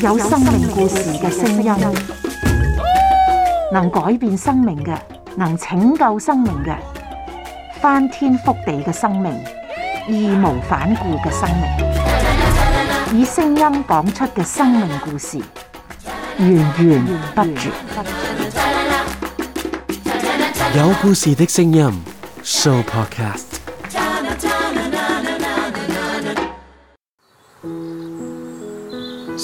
有生命故事嘅聲音，能改變生命嘅，能拯救生命嘅，翻天覆地嘅生命，義無反顧嘅生命，以聲音講出嘅生命故事，源源不絕。有故事嘅聲音，Show Podcast。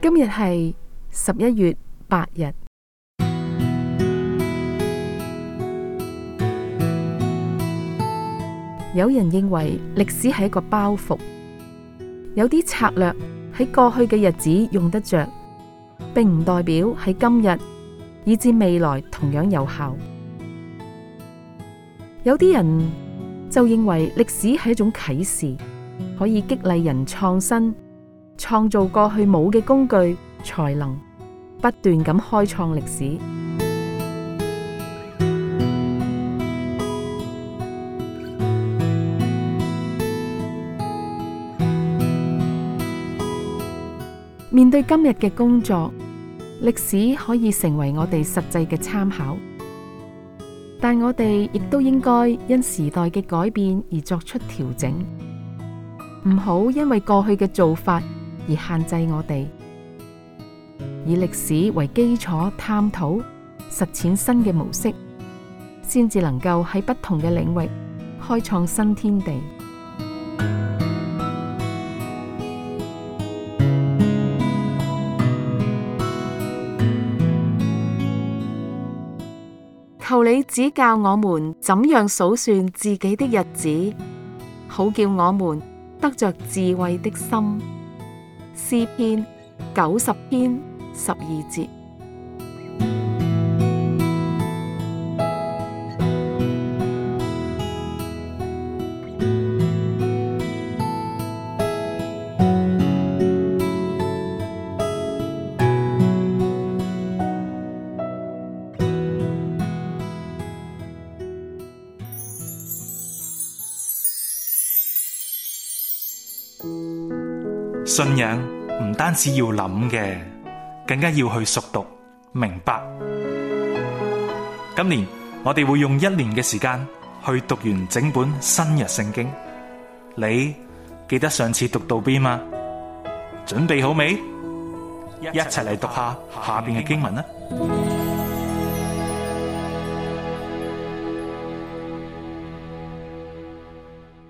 今日係十一月八日。有人認為歷史係一個包袱，有啲策略喺過去嘅日子用得着，並唔代表喺今日以至未來同樣有效。有啲人就認為歷史係一種啟示，可以激勵人創新。創造過去冇嘅工具，才能不斷咁開創歷史。面對今日嘅工作，歷史可以成為我哋實際嘅參考，但我哋亦都應該因時代嘅改變而作出調整，唔好因為過去嘅做法。而限制，我哋以歷史為基礎，探討實踐新嘅模式，先至能夠喺不同嘅領域開創新天地。求你指教我們怎樣數算自己的日子，好叫我們得着智慧的心。詩篇九十篇十二節。 信仰唔單止要諗嘅，更加要去熟讀明白。今年我哋會用一年嘅時間去讀完整本新約聖經。你記得上次讀到邊嗎？準備好未？一齊嚟讀下下邊嘅經文啦。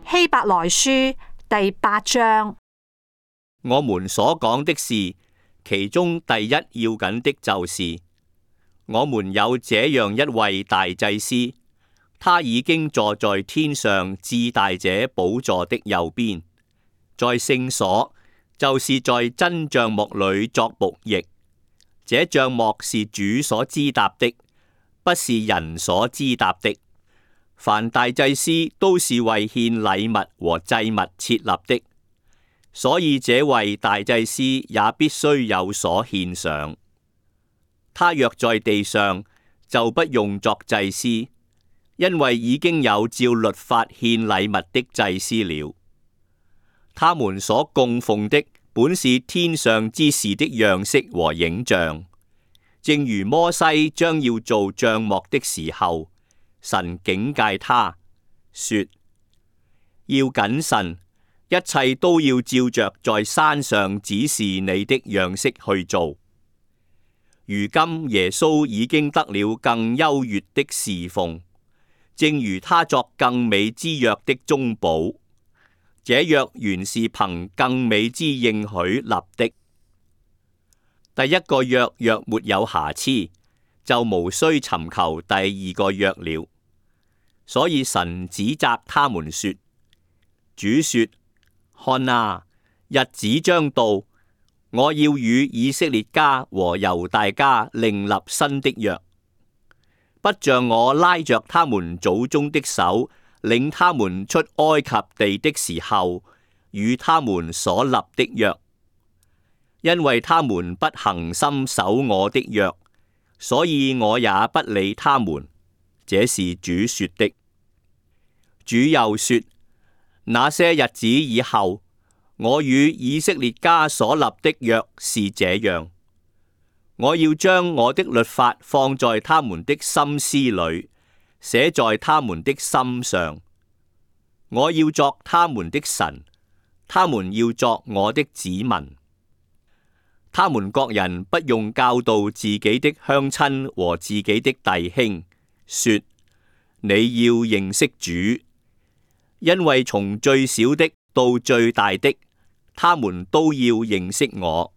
希伯來書第八章。我們所講的是，其中第一要緊的，就是我們有這樣一位大祭司，他已經坐在天上至大者寶座的右邊，在聖所，就是在真帳幕裏作僕役。這帳幕是主所支搭的，不是人所支搭的。凡大祭司都是為獻禮物和祭物設立的。所以這位大祭司也必須有所獻上。他若在地上，就不用作祭司，因為已經有照律法獻禮物的祭司了。他們所供奉的，本是天上之事的樣式和影像。正如摩西將要做帳幕的時候，神警戒他，說：要謹慎。一切都要照着在山上指示你的樣式去做。如今耶穌已經得了更優越的侍奉，正如他作更美之約的中保。這約原是憑更美之應許立的。第一個約若沒有瑕疵，就無需尋求第二個約了。所以神指責他們說：主說。看啊，日子將到，我要與以色列家和猶大家另立新的約，不像我拉着他們祖宗的手，領他們出埃及地的時候與他們所立的約，因為他們不行心不恒心守我的約，所以我也不理他們。這是主說的。主又說。那些日子以後，我與以色列家所立的約是這樣：我要將我的律法放在他們的心思裏，寫在他們的心上。我要作他們的神，他們要作我的子民。他們各人不用教導自己的鄉親和自己的弟兄，說：你要認識主。因為從最小的到最大的，他們都要認識我。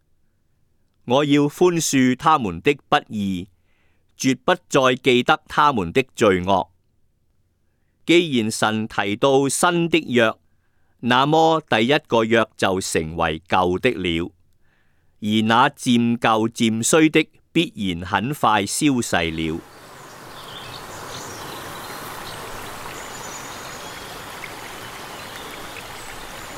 我要寬恕他們的不義，絕不再記得他們的罪惡。既然神提到新的約，那麼第一個約就成為舊的了，而那漸舊漸衰的，必然很快消逝了。